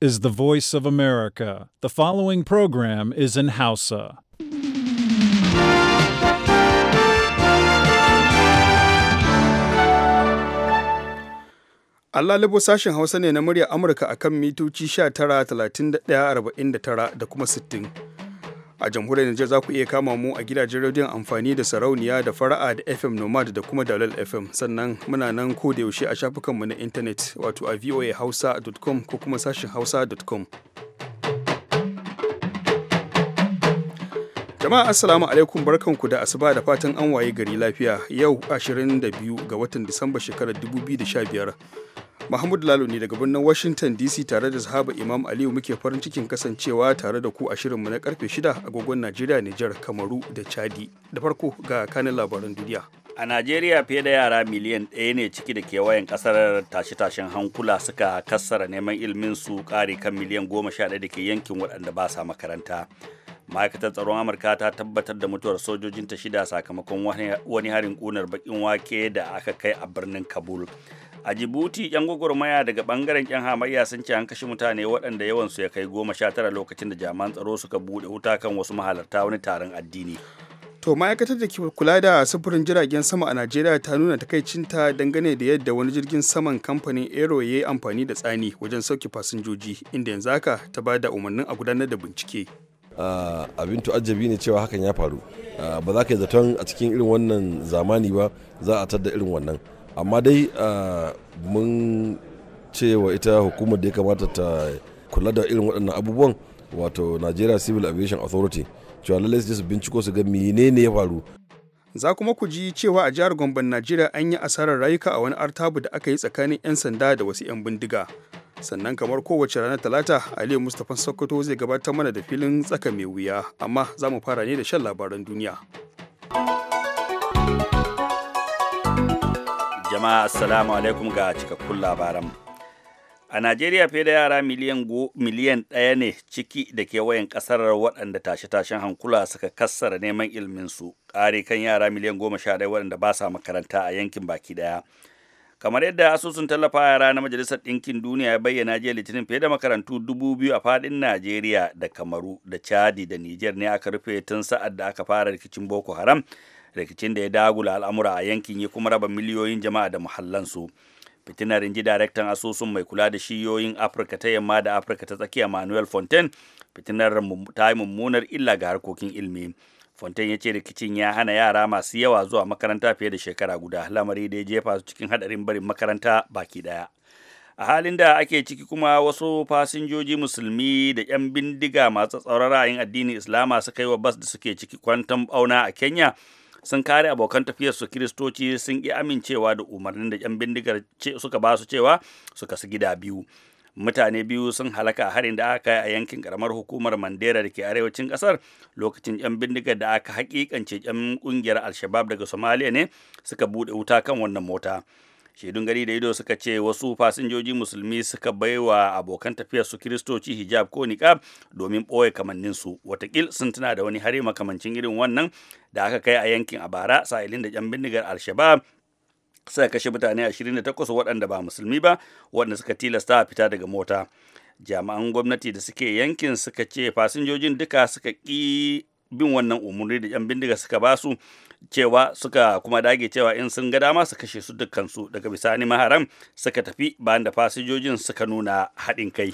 is the voice of America. The following program is in Hausa. Allah labo sashen Hausa ne na murya Amurka akan mitoci 19, 31, 49 da kuma 60. a jamhuriyar Nijar za ku iya kama mu a gidajen rediyon amfani da sarauniya da fara'a da FM Nomad da kuma Dalal FM sannan muna nan ko da yaushe a shafukanmu na intanet wato a voahausa.com ko kuma sashin hausa.com. Jama'a Assalamu alaikum barkanku da asuba da fatan an waye gari lafiya yau 22 ga watan Disamba shekarar 2015. Mahmud Lalo ne daga birnin Washington DC tare da Zahaba Imam Aliyu muke farin cikin kasancewa tare da ku a shirinmu na karfe 6 agogon Najeriya, Nijar, Kamaru da Chadi. Da farko ga kanin labaran duniya. A Najeriya fiye da yara miliyan ɗaya ne ciki da kewayen ƙasar tashe-tashen hankula suka kassara neman ilimin su ƙari kan miliyan goma sha ɗaya da ke yankin waɗanda ba sa makaranta. ma'aikatar tsaron amurka ta tabbatar da mutuwar sojojinta shida sakamakon wani harin kunar bakin wake da aka kai a birnin kabul a jibuti yan gwagwarmaya daga bangaren yan hamayya sun ce an kashe mutane waɗanda yawansu ya kai goma sha tara lokacin da jami'an tsaro suka buɗe wuta kan wasu mahalarta wani taron addini to ma'aikatar da ke kula da sufurin jiragen sama a najeriya ta nuna takaicinta dangane da yadda wani jirgin saman kamfanin aero ya yi amfani da tsani wajen sauke fasinjoji inda yanzu haka ta ba da umarnin a gudanar da bincike Uh, abin tu'ajjabi ne cewa hakan ya faru uh, ba za ka yi zaton a cikin irin wannan zamani ba za a tadda irin wannan amma dai mun cewa ita hukumar da ya kamata ta kula da irin waɗannan abubuwan wato nigeria civil aviation authority cewa lallai su binciko su ga ne ya faru za kuma ku ji cewa a jihar Gombe Najeriya an yi asarar rayuka a wani artabu da aka yi tsakanin 'yan sanda da wasu 'yan bindiga. Sannan kamar kowace ranar Talata, Aliyu Mustapha Sokoto zai gabatar mana da filin tsaka mai wuya, amma za mu fara ne da shan labaran duniya. jama'a assalamu alaikum ga cikakkun labaran a najeriya fiye da yara miliyan ɗaya ne ciki da kewayen ƙasar waɗanda tashe-tashen hankula suka kassara neman ilminsu ƙari kan yara miliyan goma sha ɗaya waɗanda ba sa makaranta a yankin baki ɗaya kamar yadda asusun tallafa yara na majalisar ɗinkin duniya ya bayyana jiya litinin fiye da makarantu dubu biyu a faɗin najeriya da kamaru da chadi da niger ne aka rufe tun sa'ad da aka fara rikicin boko haram rikicin da ya dagula al'amura a yankin ya kuma raba miliyoyin jama'a da muhallansu fitinar inji daraktan asusun mai kula da shiyoyin afirka ta yamma da afirka ta tsakiya manuel fontaine fitinar ta yi mummunar illa ga harkokin ilimi fontaine ya ce rikicin ya hana yara masu yawa zuwa makaranta fiye da shekara guda lamari da ya jefa su cikin hadarin barin makaranta baki daya a halin da ake ciki kuma wasu fasinjoji musulmi da 'yan bindiga masu tsauraran ra'ayin addinin islama suka yi wa bas da suke ciki kwantan bauna a kenya sun kare abokan tafiyar su kiristoci sun ƙi amincewa da umarnin da 'yan bindigar suka ba su cewa su gida biyu mutane biyu sun halaka harin da aka yi a yankin karamar hukumar mandera da ke arewacin kasar lokacin yan bindigar da aka hakikance yan kungiyar alshabab daga somaliya ne suka bude wuta kan wannan mota shaidun gari da ido suka ce wasu fasinjoji musulmi suka baiwa abokan tafiyar su kiristoci hijab ko niqab domin ɓoye kamannin su watakil sun tuna da wani hari makamancin irin wannan da aka kai a yankin abara bara sa'ilin da yan bindigar al-shabab suka kashe mutane 28 waɗanda ba musulmi ba waɗanda suka tilasta fita daga mota jami'an gwamnati da suke yankin suka ce fasinjojin duka suka ƙi bin wannan umarni da 'yan bindiga suka ba su cewa suka kuma dage cewa in sun ga dama su kashe su dukkansu daga bisani maharam suka tafi bayan da fasijojin suka nuna haɗin kai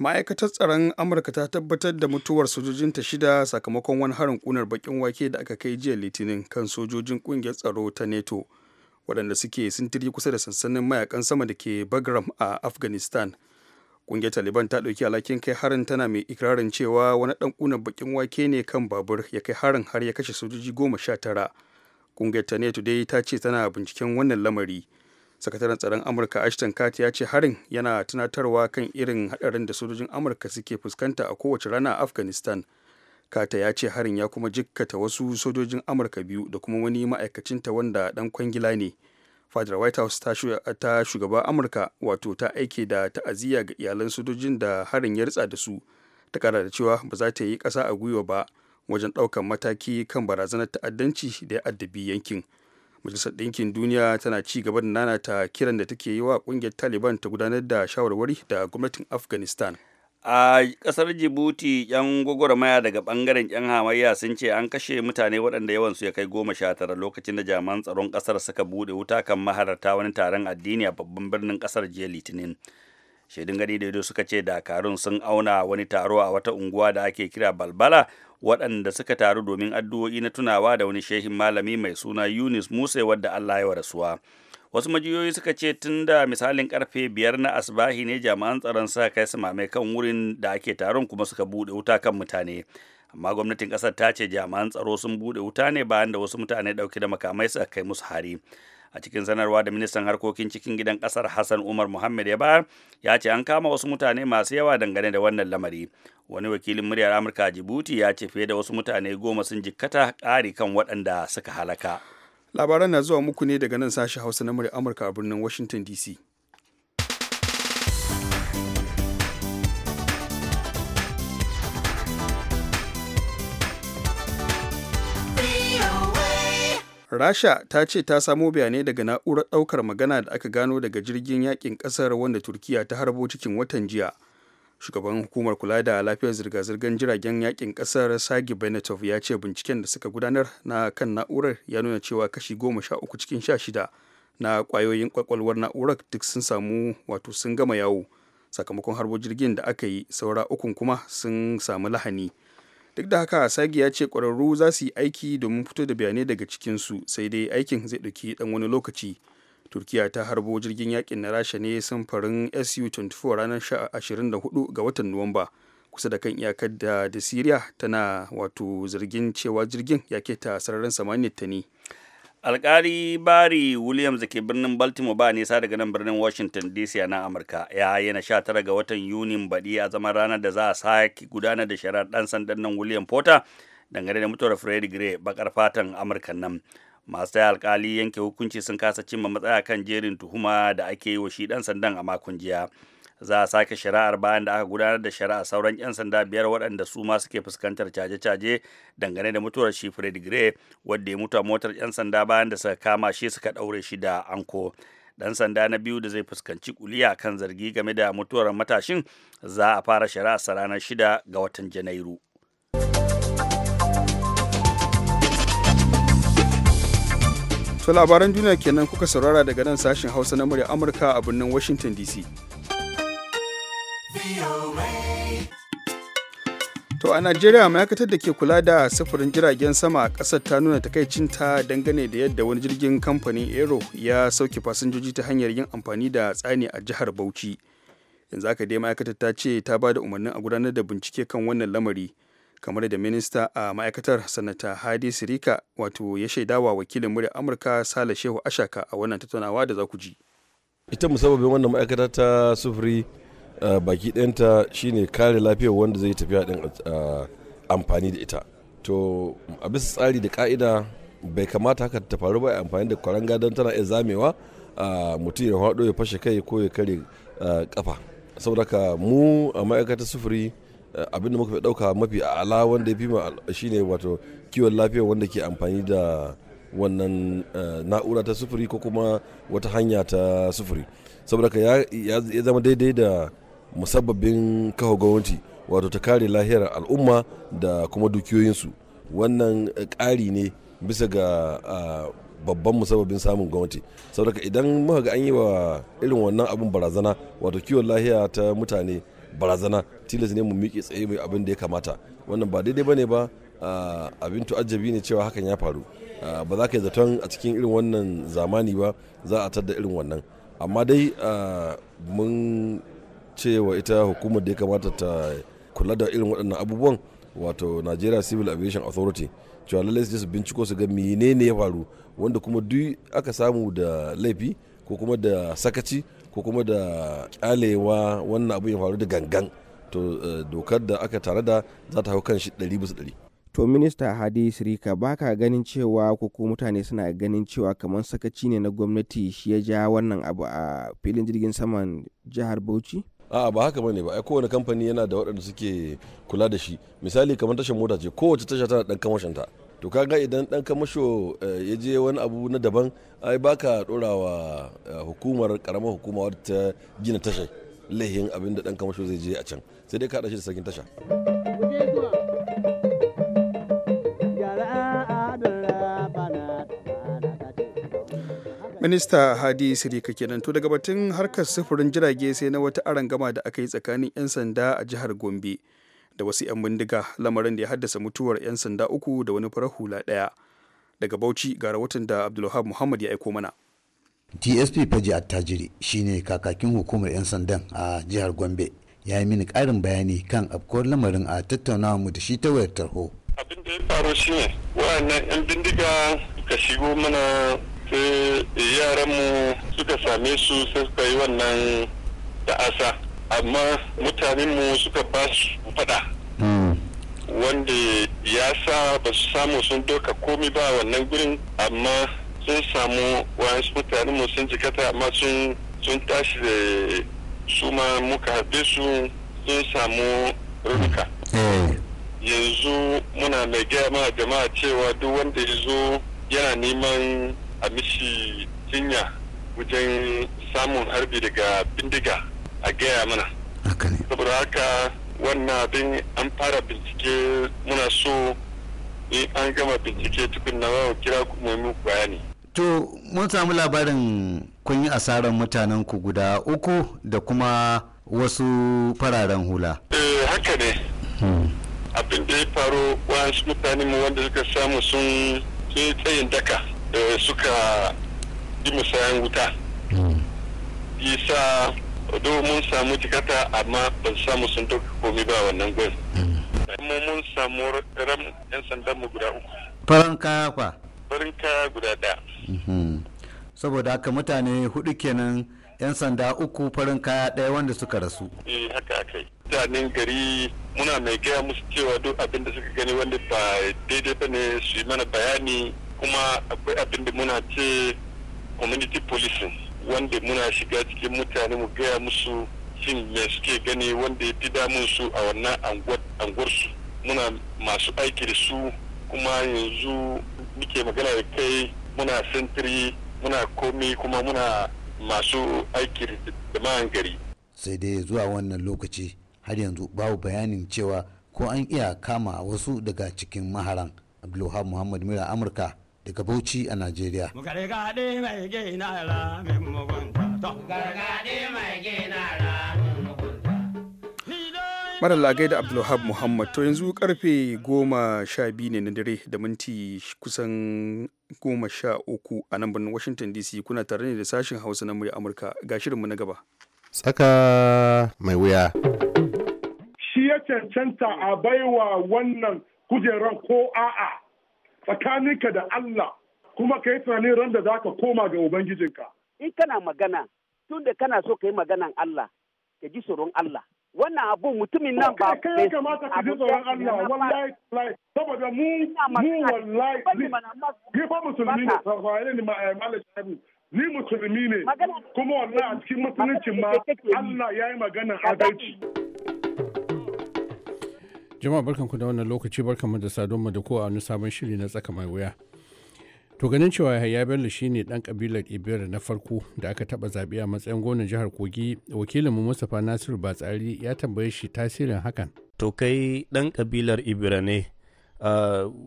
ma'aikatar tsaron amurka ta tabbatar da mutuwar sojojinta shida sakamakon wani harin kunar bakin wake da aka kai jiya litinin kan sojojin kungiyar tsaro ta neto waɗanda suke sintiri kusa da sansanin mayakan sama da ke bagram a afghanistan ƙungiyar taliban ta ɗauki alhakin kai harin tana mai ikirarin cewa wani ɗan kunan bakin wake ne kan babur ya kai harin har ya kashe sojoji goma sha tara ƙungiyar ta ne today ta ce tana binciken wannan lamari sakataren tsaron amurka ashton kati ya ce harin yana tunatarwa kan irin haɗarin da sojojin amurka suke fuskanta a kowace rana a afghanistan kata ya ce harin ya kuma jikkata wasu sojojin amurka biyu da kuma wani ma'aikacinta wanda ɗan kwangila ne fadar white house ta shugaba amurka wato ta aike da ta'aziyya ga iyalan sojojin da harin ya ritsa da su ta kara da cewa ba za ta yi kasa a gwiwa ba wajen ɗaukar mataki kan barazanar ta'addanci da ya addabi yankin majalisar ɗinkin duniya tana ci gaba da nanata kiran da take yi wa ƙungiyar taliban ta gudanar da shawarwari da gwamnatin afghanistan a kasar jibuti yan gwagwarmaya daga bangaren yan hamayya sun ce an kashe mutane waɗanda yawan su ya kai goma sha tara lokacin da jami'an tsaron kasar suka buɗe wuta kan maharata wani taron addini a babban birnin kasar jiya litinin shaidun gani da suka ce dakarun sun auna wani taro a wata unguwa da ake kira balbala waɗanda suka taru domin addu'o'i na tunawa da wani shehin malami mai suna yunus musa wadda allah ya rasuwa. rasuwa wasu majiyoyi suka ce tun da misalin karfe biyar na asbahi ne jami'an tsaron sa kai su kan wurin da ake taron kuma suka buɗe wuta kan mutane amma gwamnatin ƙasar ta ce jami'an tsaro sun buɗe wuta ne bayan da wasu mutane dauke da makamai suka kai musu hari a cikin sanarwa da ministan harkokin cikin gidan kasar hassan umar muhammad ya bayar ya ce an kama wasu mutane masu yawa dangane da wannan lamari wani wakilin muryar amurka a jibuti ya ce fiye da wasu mutane goma sun jikkata ƙari kan waɗanda suka halaka labaran na zuwa muku ne daga nan sashi hausa na murya amurka a birnin washington dc rasha ta ce ta samo bayanai daga na'urar ɗaukar magana da aka gano daga jirgin yakin ƙasar wanda turkiya ta harbo cikin watan jiya shugaban hukumar kula da lafiyar zirga-zirgar jiragen yakin kasar sagi benetov ya ce binciken da suka gudanar na kan na'urar ya nuna cewa kashi goma sha uku cikin sha shida na kwayoyin kwakwalwar na'urar duk sun samu wato sun gama yawo sakamakon harbo jirgin da aka yi saura ukun kuma sun samu lahani duk da haka sagi ya ce kwararru za su yi aiki domin fito da bayanai daga cikinsu sai dai aikin zai ɗauki ɗan wani lokaci turkiya ta harbo jirgin yakin na rasha ne samfarin su-24 ranar 24 ga watan nuwamba kusa da kan iyakar da da siriya tana wato zargin cewa jirgin ya keta sararin samaniyar ta ne alkali bari williams da ke birnin baltimore ba nisa daga nan birnin washington dc na amurka ya yana 19 ga watan yunin baɗi a zaman ranar da za a sake gudanar da shari'ar ɗan sandan nan william porter dangane da mutuwar fred gray bakar fatan amurka nan masu taya alkali yanke hukunci sun kasa cimma matsaya kan jerin tuhuma da ake yi wa shi dan sandan a makon jiya za a sake shari'ar bayan da aka gudanar da shari'a sauran 'yan sanda biyar waɗanda su ma suke fuskantar caje-caje dangane da mutuwar shi Fred Gray wadda ya mutu a motar 'yan sanda bayan da suka kama shi suka ɗaure shi da anko. dan sanda na biyu da zai fuskanci kuliya kan zargi game da mutuwar matashin za a fara sa ranar shida ga watan janairu. To labaran duniya kenan kuka saurara daga nan sashen Hausa na murya Amurka a birnin Washington DC. To a Najeriya ma'aikatar da ke kula da sufurin jiragen sama a ƙasar ta nuna takaicinta dangane da yadda wani jirgin kamfanin Aero ya sauke fasinjoji ta hanyar yin amfani da tsani a jihar Bauchi. Yanzu haka dai ma'aikatar ta ce ta ba da umarnin a gudanar da bincike kan wannan lamari. kamar da minista a ma'aikatar sanata hadi sirika wato ya shaidawa wakilin murya amurka sale shehu ashaka a wannan tattaunawa da za ku ji ita musabbabin wannan ma'aikata ta sufuri baki ɗanta shine kare lafiyar wanda zai tafiya din amfani da ita to a bisa tsari da ka'ida bai kamata haka ta faru ba amfani da kwaranga don tana iya zamewa mutum ya haɗo ya fashe kai ko ya kare kafa saboda ka mu a ma'aikatar sufuri abinda muka fi dauka mafi ala wanda ya fi shine wato kiwon lafiya wanda ke amfani da wannan eh, na'ura ta sufuri ko kuma wata hanya ta sufuri saboda ka ya zama daidai da musabbabin kawo gwamnati wato ta kare lahiyar al'umma da kuma dukiyoyinsu wannan kari eh, ne bisa ga ah, babban musabbabin samun gwamnati saboda idan muka ga an yi wa irin wannan abin barazana wato kiwon lahiya ta mutane barazana tilas ne mu miƙe tsaye mai abin da ya kamata wannan ba daidai bane ba abin tu'ajjabi ne cewa hakan ya faru ba za ka yi zaton a cikin irin wannan zamani ba za a tadda irin wannan amma dai mun cewa ita hukumar da ya kamata ta kula da irin waɗannan abubuwan wato nigeria civil aviation authority cewa lallai su binciko su ga ne ya faru wanda kuma duk aka samu da laifi ko kuma da sakaci ko kuma da kyalewa wannan abin ya faru da gangan to eh, dokar da aka tare da za ta hau kan shi ɗari bisa ɗari. To minista Hadi Sirika baka ganin cewa ko ko mutane suna ganin cewa kamar sakaci ne na gwamnati shi ya ja wannan abu a filin jirgin saman jihar Bauchi? A ba haka bane ba ai kowane kamfani yana da waɗanda suke kula da shi misali kamar tashar mota ce kowace tasha tana ɗan ta. to kaga idan ɗan kamasho eh, ya je wani abu na daban ai baka ɗora wa eh, hukumar karamar hukuma ta gina tashar laifin abinda da ɗan kamasho zai je a can sai dai ka shi da sarkin tasha. minista hadi sirika kenan to daga batun harkar sufurin jirage sai na wata gama da aka yi tsakanin 'yan sanda a jihar gombe da wasu 'yan bindiga lamarin da ya haddasa mutuwar 'yan sanda uku da wani farar hula ɗaya daga bauchi ga rahoton da abdulwahab muhammad ya aiko mana TSP faji attajiri shine kakakin hukumar 'yan sandan a jihar gombe ya yi mini ƙarin bayani kan afkuwar lamarin a tattaunawa mu da shi ta wayar tarho. abin da ya faru shi ne wa'annan yan bindiga ka shigo mana sai mu suka same su sai suka yi wannan da'asa amma mutanenmu suka ba su faɗa hmm. wanda ya sa ba su samu sun doka komi ba wannan gurin amma sun samu mutanen mutanenmu sun jikata amma sun tashi da su ma muka haɗe su sun samu raunuka eh. yanzu muna mai gaya ma jama'a cewa duk wanda ya zo yana neman a mishi jinya wajen samun harbi daga bindiga a gaya mana saboda haka wannan abin an fara bincike muna so in an gama bincike tukun na kira kuma mu bayani to mun samu labarin kun yi asarar mutanen ku guda uku da kuma wasu fararen hula eh haka ne hmm. abin da ya faru wasu mutane mu wanda suka samu sun tsayin daka da suka yi musayan wuta isa hmm. do mun samu jikata amma ban samu sun dauka komai ba wannan gwai. Hmm. kuma mun samu ram yan sandan mu guda uku farin kaya kwa farin kaya guda daya saboda haka mutane hudu kenan 'yan sanda uku farin kaya ɗaya wanda suka rasu. Eh haka aka yi. Mutanen gari muna mai gaya musu cewa duk abinda da suka gani wanda ba daidai ba ne su yi mana bayani kuma akwai abinda muna ce community policing wanda muna shiga cikin mutane mu gaya musu shin me suke gani wanda ya fi damun su a wannan anguwar su muna masu aiki da su kuma yanzu muke magana da kai muna sentiri muna komi kuma muna masu aiki da jama'an gari sai dai zuwa wannan lokaci har yanzu babu bayanin cewa ko an iya kama wasu daga cikin maharan abdulwahab muhammad mira amurka daga bauchi a najeriya gargaɗe mai gina gina mara lagai da abdulwahab muhammad to yanzu karfe goma sha biyu ne na dare da minti kusan goma sha uku a nan birnin washington dc kuna tare ne da sashen hausa na murya amurka ga shirinmu na gaba tsaka mai wuya shi ya cancanta a baiwa wannan kujeran ko a'a tsakaninka da allah kuma ka yi tunanin ran da za ka koma ga ubangijinka in kana magana tun da kana so ka yi maganan allah ka ji tsoron allah wannan abu mutumin nan ba kai ya kamata ka ji tsoron Allah wallahi wallahi saboda mu mu wallahi ni fa musulmi ne safaye ne eh, malam shafi ni musulmi ne kuma wallahi a cikin musulunci ma Allah ya yi maganar adalci jama'a barkanku da wannan lokaci barkanku da sadonmu da ko a wani sabon shiri na tsaka mai wuya to ganin cewa yahaya bello shine dan kabilar ibira na farko da aka taba zaɓe a matsayin gwamnan jihar kogi wakilinmu mustapha nasiru batsari ya tambaye shi tasirin hakan to kai dan kabilar ibira ne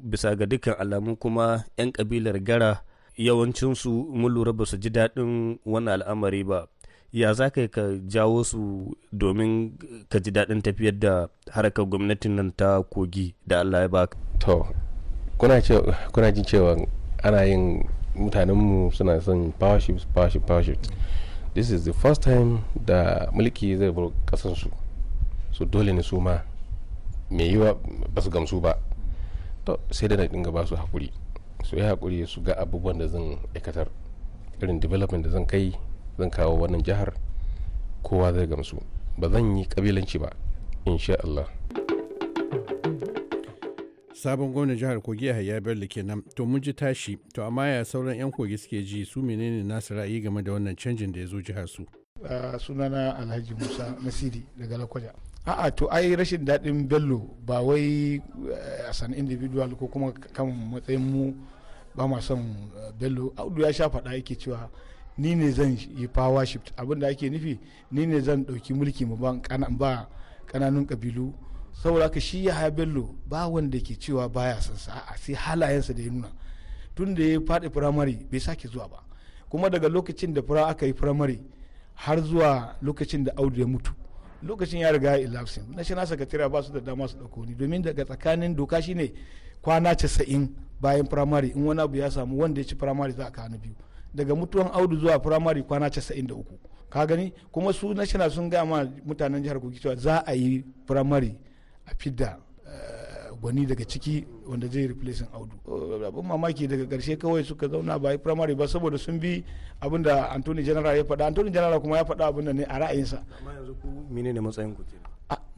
bisa ga dukkan alamu kuma yan kabilar gara yawancinsu mun lura ba su ji daɗin wani al'amari ba ya za ka jawo su domin ka ji daɗin tafiyar da harkar gwamnatin nan ta kogi da allah ya ba to kuna jin cewa ana yin mutanenmu suna son powership powership powership this is the first time da mulki zai bar su so dole ne su ma mai yiwa ba su gamsu ba to sai da na dinga ba su hakuri su yi hakuri su ga abubuwan da zan aikatar irin development da zan kai zan kawo wannan jihar kowa zai gamsu ba zan yi kabilanci ba insha Allah sabon gwamnan jihar kogi yahaya bello kenan to mun ji tashi to amma ya sauran yan kogi suke ji su menene nasu ra'ayi game da wannan canjin da ya zo jihar su sunana alhaji musa nasiri daga lakwaja a'a to ai rashin daɗin bello ba wai eh, as an individual ko kuma kan matsayin mu ba ma son eh, bello audu ya sha faɗa yake cewa ni ne zan yi power shift abin da ake nufi ni ne zan ɗauki mulki mu ba ƙananun ƙabilu saboda ka shi ya bello ba wanda ke cewa baya son sa a sai halayensa da ya nuna tun da ya faɗi firamare bai sake zuwa ba kuma daga lokacin da fura aka yi firamare har zuwa lokacin da audu ya mutu lokacin ya riga ya na national secretary ba su da dama su dauko ni domin daga tsakanin doka shine kwana 90 bayan firamare in wani abu ya samu wanda ya ci firamare za a kawo biyu daga mutuwan audu zuwa firamare kwana casa'in da uku ka gani kuma su national sun gaya mutanen jihar kogi cewa za a yi firamare a fidda eh, gwani daga ciki wanda zai replacing audu abin mamaki daga karshe kawai suka zauna ba yi primary ba saboda sun bi abin da antony general ya faɗa antony general kuma ya faɗa abin da ne a ra'ayinsa amma yanzu ku matsayin ku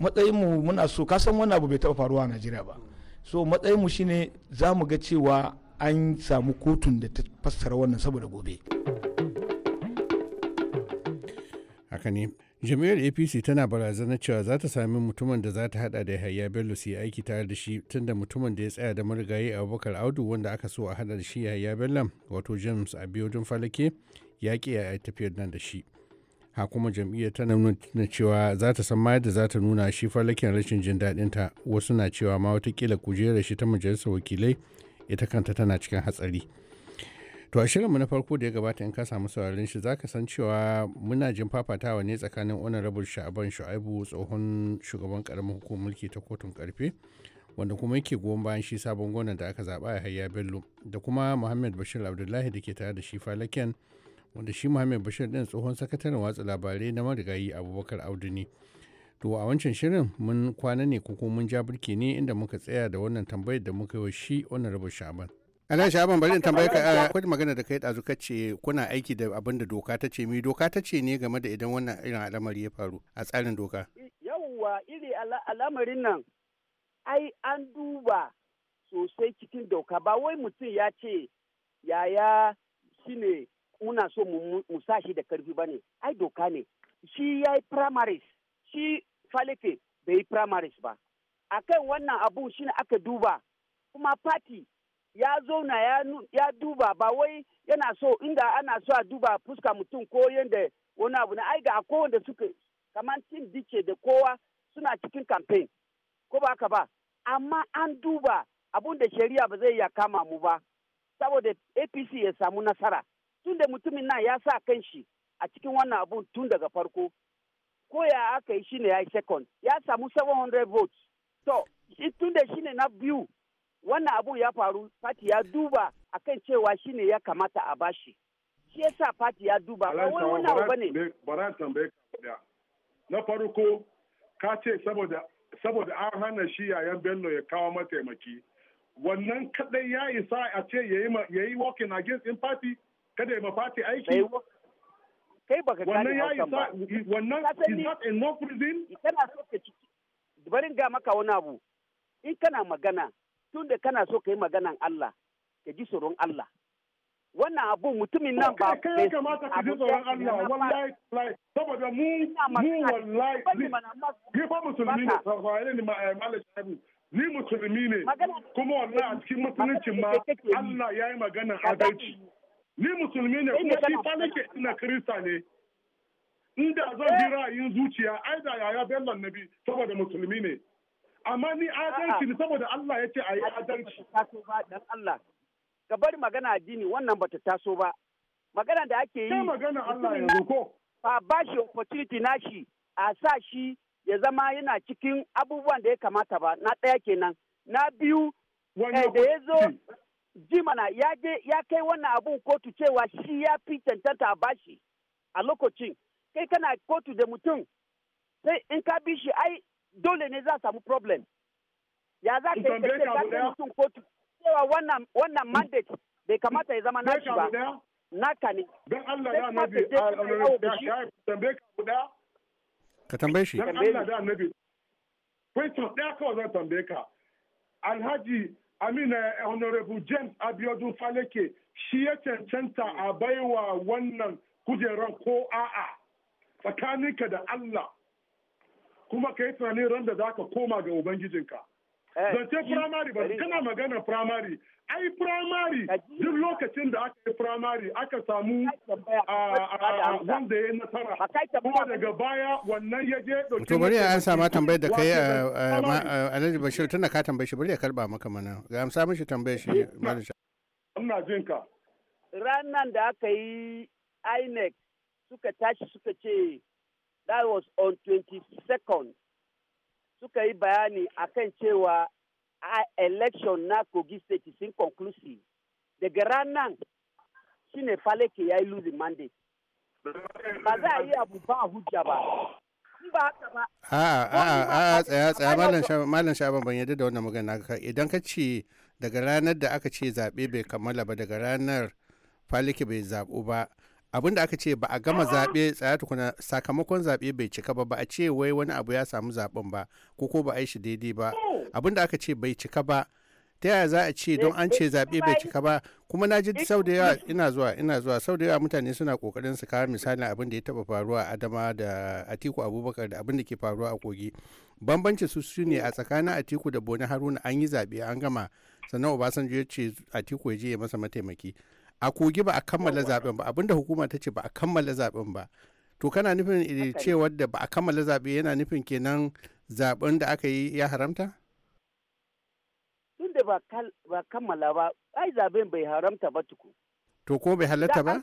matsayin mu muna so ka san wani abu bai taɓa faruwa a najeriya ba so matsayin mu shine za mu ga cewa an samu kotun da ta fassara wannan saboda gobe haka ne jami'ar apc tana barazanar cewa za ta sami mutumin da za ta hada da yahaya bello su yi aiki tare da shi tunda mutumin da ya tsaya da marigayi abubakar audu wanda aka so a hada da shi yahaya bello wato james a don falake ya ki a tafiyar nan da shi ha kuma jam'iyyar tana nuna cewa za ta san mayar da za ta nuna shi falaken rashin jin daɗin ta wasu na cewa ma watakila kujerar shi ta majalisar wakilai ita kanta tana cikin hatsari To a shirinmu na farko da ya gabata in ka samu saurarin shi zaka san cewa muna jin fafatawa ne tsakanin honorable sha'aban shu'aibu tsohon shugaban karamin hukumar mulki ta kotun karfe wanda kuma yake goyon bayan shi sabon gwamnan da aka zaba a hayya bello da kuma muhammad bashir abdullahi da ke tare da shi falaken wanda shi muhammad bashir din tsohon sakataren watsa labarai na marigayi abubakar audu ne to a wancan shirin mun kwana ne ko mun ja birki ne inda muka tsaya da wannan tambayar da muka yi wa shi honorable sha'aban Alhaji Shaban bari in tambaye ka akwai magana da kai dazu ce kuna aiki da abin da doka ta ce mi doka ta ce ne game da idan wannan irin al'amari ya faru a tsarin doka. Yawwa iri al'amarin nan ai an duba sosai cikin doka ba wai mutum ya ce yaya shine muna so mu sa shi da karfi ba ne ai doka ne shi ya yi primaries shi falefe bai yi primaries ba akan wannan abu shine aka duba kuma fati. ya zauna ya duba ba wai yana so inda ana so a duba fuska mutum ko yadda wani abu na ai ga kowanda suka kamar cin dike da kowa suna cikin campaign ko ba ka ba amma an duba abun da shari'a ba zai iya kama mu ba saboda apc ya samu nasara tunda mutumin nan ya sa kan shi a cikin wannan abun tun daga farko ko ya aka yi shine ya yi second ya samu 700 votes to tunda shine na biyu wannan abu ya faru fati ya duba akan cewa shine ya kamata a bashi shi yasa fati ya duba ba wani abu bane bara tambaye ka na farko ka ce saboda saboda an hana shi yayan bello ya kawo mataimaki wannan kadai ya isa a ce ya yi walking against in party kada ya mafati aiki kai baka wannan ya isa wannan is not enough reason kana so ka ciki barin ga maka wani abu in kana magana tun da kana so ka yi maganan Allah ka ji tsoron Allah wannan abu mutumin nan ba kai ya kamata ka ji tsoron Allah wallahi saboda mu mu wallahi musulmi ne ne eh, ni musulmi ne kuma wallahi a cikin ma Allah ya yi magana adalci ni musulmi ne kuma amma ni adalci ne saboda Allah ya ce a yi adalci. Taso ba dan Allah. Ka bari magana addini wannan bata taso ba. Magana da ake yi. Sai magana Allah ya ko. Ba ba shi opportunity na shi a sa shi ya zama yana cikin abubuwan da ya kamata ba na ɗaya kenan. Na biyu eh, da ya zo jimana ya je ya kai wannan abun kotu cewa shi ya fi cancanta a bashi a lokacin kai kana kotu da mutum sai in ka bi shi ai dole ne za a samu problem ya za ka yi ka ce mutum kotu cewa wannan wannan mandate bai kamata ya zama nashi ba naka ne don Allah ya annabi tambaye ka guda ka tambaye shi don Allah ya annabi question ɗaya kawai zan tambaye ka Alhaji Amina Honorable James Abiodun Faleke shi ya cancanta a baiwa wannan kujeran ko a'a tsakaninka da Allah kuma ka yi tunanin ran da za ka koma ga ubangijinka eh, zance firamare ba kana magana firamare ai firamare duk lokacin da aka yi firamare aka samu wanda ya nasara kuma daga baya wannan ya je ɗauki to bari an sama tambayar da kai eh, eh, alhaji bashir tunda ka tambaye shi bari ya karba maka mana ga amsa mishi tambayar shi ina jin ka ranan da aka yi inec suka tashi suka ce that was on 22nd suka yi bayani akan cewa a election na kogi state is inconclusive daga ranar ne faleke ya yi losing mandate ba za a yi abu ba hujja ba a a ah, ah, ah, tsaya tsaya malam shaban ban yadda da wannan magana ka idan ka ce daga ranar da aka ce zaɓe bai kammala ba daga ranar falike bai zaɓu ba abin da aka ce ba a gama zaɓe tsaya tukuna sakamakon zaɓe bai cika ba ba a ce wai wani abu ya samu zaɓen ba ko ko ba a yi shi daidai ba abin da aka ce bai cika ba ta yaya za a ce don an ce zaɓe bai cika ba kuma na ji sau da yawa ina zuwa ina zuwa sau da yawa mutane suna kokarin su kawo misali abin da ya taba faruwa a adama da atiku abubakar da abin da ke faruwa a kogi bambanci su su ne a tsakanin atiku da boni haruna an yi zaɓe an gama sannan obasanjo ya ce atiku ya je ya masa mataimaki a kogi ba a kammala zaben ba abinda hukuma ta ce ba a kammala zaben ba to kana nufin eh, cewar da ba a kammala zaɓe yana nufin kenan zaben da aka yi ya haramta tunda ba kammala ba ai zaben bai haramta ba tuku to ko bai halatta ba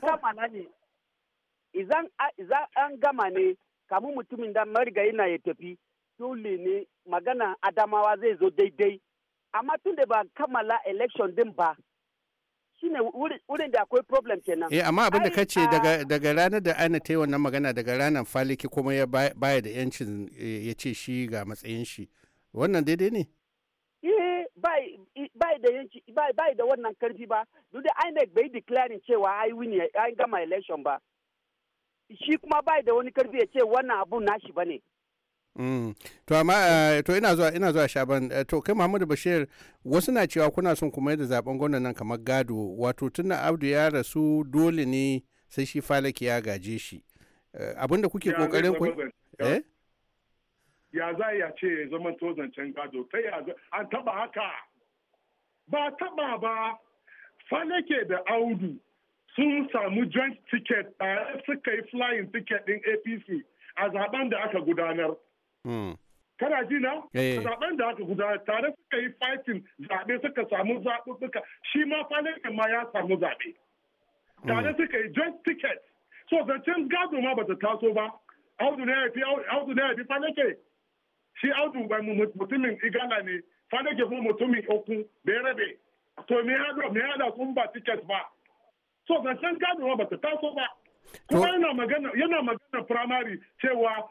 idan an gama ne kamun mutumin da mariga yana ya tafi dole ne magana adamawa zai zo daidai amma tunda ba kammala election din ba shine wurin da akwai problem kenan eh amma abin da kace ah. daga daga ranar da ana ta yi wannan magana daga ranar faliki kuma ya baya da yancin eh, ya ce shi ga matsayin shi wannan daidai ne eh bai da yanci bai da wannan karfi ba duk da INEC bai declaring cewa ai wini ai gama election ba shi kuma bai da wani karfi ya ce wannan abun nashi bane Mm. to amma eh, to ina zuwa ina zuwa shaban eh, to kai Muhammadu Bashir wasu na cewa kuna son kuma yadda zaben gwamnati nan kamar gado wato tunda Abdu ya rasu dole ne sai shi Falaki ya gaje shi eh, abinda kuke kokarin ku eh ya za ya ce zaman can gado ta ya an taba haka ba taba ba falake da audu sun samu joint ticket a suka yi flying ticket din apc a zaben da aka gudanar Hmm. kana ji na eh. zaben da aka guda tare suka yi fighting zaɓe suka samu zaɓuɓɓuka shi ma falin ma ya samu zaɓe hmm. tare suka yi joint ticket so zancen gado ma bata taso ba audu na ya fi audu ne ya fi shi audu ba mutumin igala ne falake kuma mutumin oku berebe to me ya da sun ba ticket ba so zancen gado ma bata taso ba kuma yana magana yana cewa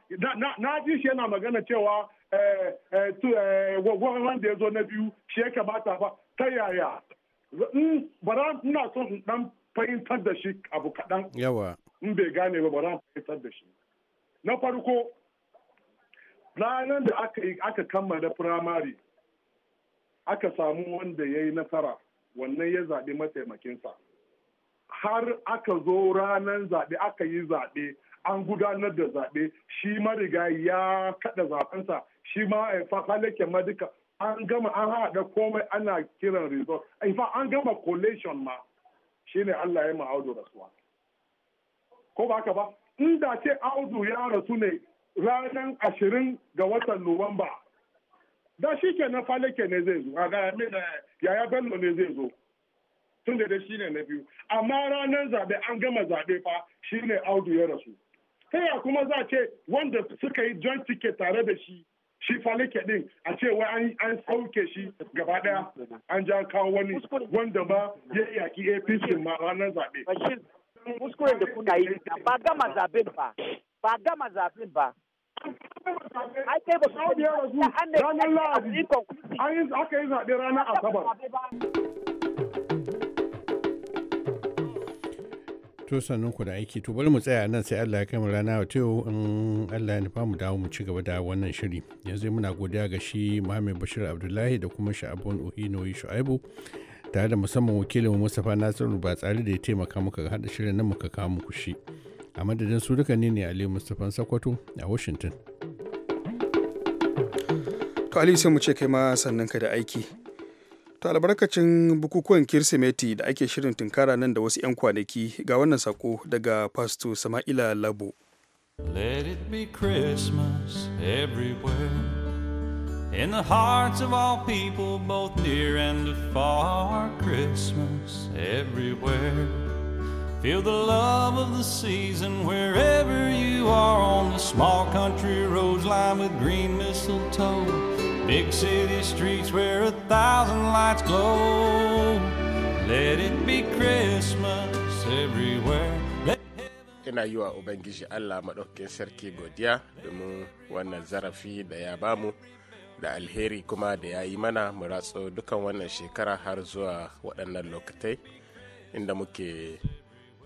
na ji shi yana magana cewa eh, eh, eh, wanda ya zo na biyu shi ya kamata ba ta yaya bara ina so in dan fahimtar da shi abu kaɗan yawa in bai gane ba bara fahimtar da shi na farko ranar da aka kammala primary aka samu wanda ya yi nasara wannan ya zaɓi mataimakinsa har aka zo ranar zaɓe aka yi zaɓe an gudanar da zaɓe shi mariga ya kaɗa zaɓensa shi ma eh, fakalake ma duka an gama an haɗa komai ana kiran result in fa an gama collation ma shine Allah ya ma audu rasuwa ko ba haka ba in da ce audu ya rasu ne ranar ashirin ga watan Nuwamba da shi ke na falake ne zai zo a ga yaya bello ne zai zo tun da shi ne na biyu amma ranar zaɓe an gama zaɓe fa shi ne audu ya rasu ta ya kuma za ce wanda suka yi joint ticket tare da shi shi falike din a ce wai an sauke shi gaba daya an ja kawo wani wanda ba ya yaki apc ma ranar zaɓe. kuskuren da kuna yi ba gama zaɓen ba ba gama zaɓen ba ai aka yi zaɓe ranar asabar to ku da aiki to bari mu tsaya nan sai Allah ya kaimu mu rana wa yau in Allah ya nufa mu dawo mu ci gaba da wannan shiri yanzu muna godiya ga shi Muhammad Bashir Abdullahi da kuma Sha'abun Uhinoyi Shu'aibu tare da musamman wakilin Mustapha Nasiru ba tsari da ya taimaka muka ga hada shirin nan muka kawo muku shi a madadin su duka ne ne Ali Mustapha Sakwato a Washington to Ali sai mu ce kai ma sannan ka da aiki ta albarkacin bukukuwan kirsimeti da ake shirin tunkara nan da wasu 'yan kwanaki ga wannan sako daga pasto sama'ila labo Let it be Christmas everywhere in the hearts of all people, both near and far Christmas everywhere. Feel the love of the season wherever you are on the small country roads lined with green mistletoe. Big city streets where a thousand lights glow. Let it be Christmas everywhere. Ina yi wa Ubangiji Allah maɗaukin sarki godiya domin wannan zarafi da ya bamu da alheri kuma da ya yi mana mu ratso dukan wannan shekara har zuwa waɗannan lokatai inda muke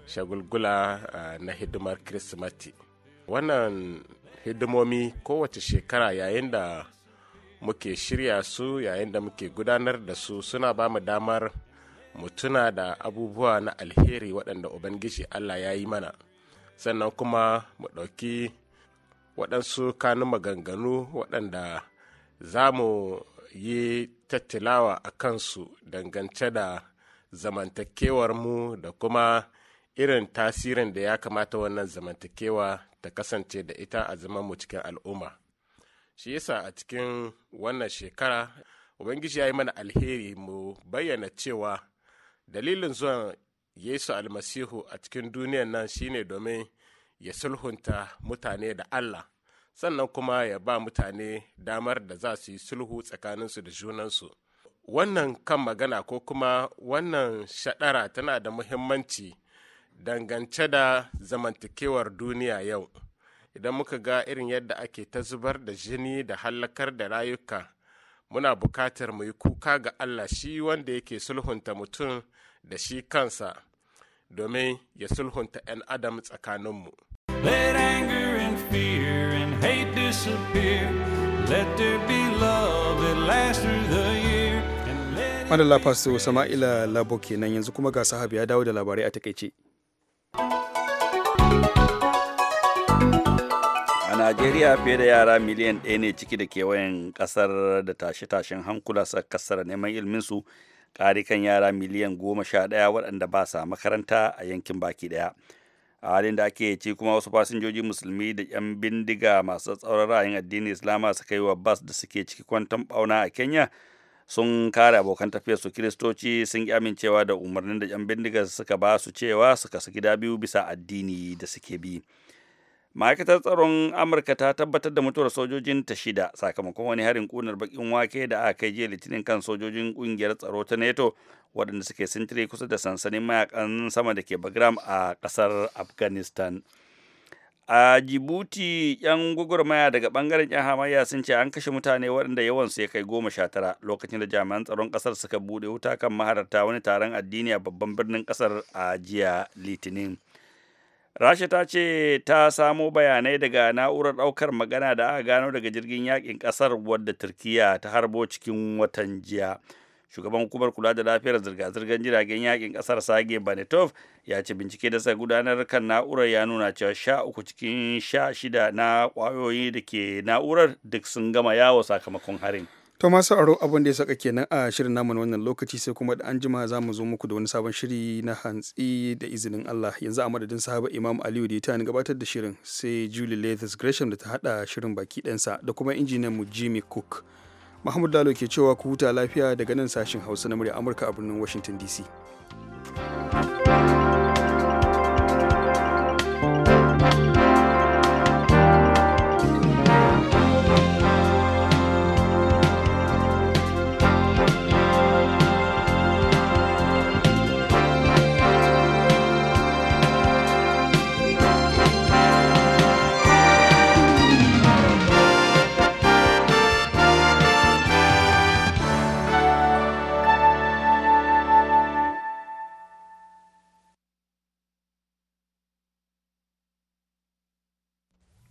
shagulgula na hidimar Kirsimati. Wannan hidimomi kowace shekara yayin da muke shirya su yayin da muke gudanar da su suna ba mu damar mu tuna da abubuwa na alheri waɗanda ubangiji allah ya yi mana sannan kuma mu ɗauki waɗansu kanu maganganu waɗanda za mu yi tattalawa a kansu dangance da zamantakewar mu da kuma irin tasirin da ya kamata wannan zamantakewa ta kasance da ita a zaman mu cikin al'umma. shi yasa a cikin wannan shekara ubangiji ya yi mana alheri mu bayyana cewa dalilin zuwan yesu almasihu a cikin duniyan nan shine domin ya sulhunta mutane da allah sannan kuma ya ba mutane damar da za su yi sulhu tsakaninsu da junansu wannan kan magana ko kuma wannan shaɗara tana da muhimmanci dangance da zamantakewar duniya yau idan muka ga irin yadda ake ta zubar da jini da hallakar da rayuka muna bukatar mu yi kuka ga allah shi wanda yake sulhunta mutum da shi kansa domin ya sulhunta 'yan adam tsakaninmu Madalla Pastor Sama'ila Labo kenan yanzu kuma ga sahabi ya dawo da labarai a takaice. Najeriya fiye da yara miliyan ɗaya ne ciki da kewayen ƙasar da tashe-tashen hankula sa kasar neman ilminsu ƙari kan yara miliyan goma sha ɗaya waɗanda ba sa makaranta a yankin baki ɗaya. a halin da ake ci kuma wasu fasinjoji musulmi da 'yan bindiga masu tsauran ra'ayin addinin islama suka yi wa bas da suke ciki kwanton bauna a kenya sun kare abokan tafiyar su kiristoci sun ki amincewa da umarnin da 'yan bindiga suka ba su cewa suka su gida biyu bisa addini da suke bi. ma'aikatar tsaron amurka ta tabbatar da mutuwar sojojin ta shida sakamakon wani harin kunar bakin wake da aka kai jiya litinin kan sojojin kungiyar tsaro ta neto waɗanda suke sintiri kusa da sansanin mayakan sama da ke bagram a ƙasar afghanistan a jibuti yan gwagwarmaya daga bangaren yan hamayya sun ce an kashe mutane waɗanda yawan su ya kai goma sha tara lokacin da jami'an tsaron ƙasar suka buɗe wuta kan maharata wani taron addini a babban birnin ƙasar a jiya litinin rasha ta ce ta samo bayanai daga na'urar ɗaukar magana da aka gano daga jirgin yakin ƙasar wadda turkiya ta harbo cikin watan jiya shugaban hukumar kula da lafiyar zirga-zirgar jiragen yakin ƙasar sage banetov ya ce bincike da sa gudanar kan na'urar ya nuna cewa sha uku cikin sha shida na ƙwayoyi da ke na'urar duk sun gama yawo sakamakon harin To masu aro abin da ya saka kenan a shirin namu na wannan lokaci sai kuma da anjima za mu zo muku da wani sabon shiri na hantsi da izinin Allah yanzu a madadin sahaba Imam Aliyu da ya tani gabatar da shirin sai Julie Lathis Gresham da ta hada shirin baki ɗansa da kuma injiniyan mu Jimmy Cook. Muhammad Lalo ke cewa ku huta lafiya daga nan sashin Hausa na murya Amurka a birnin Washington DC. thank you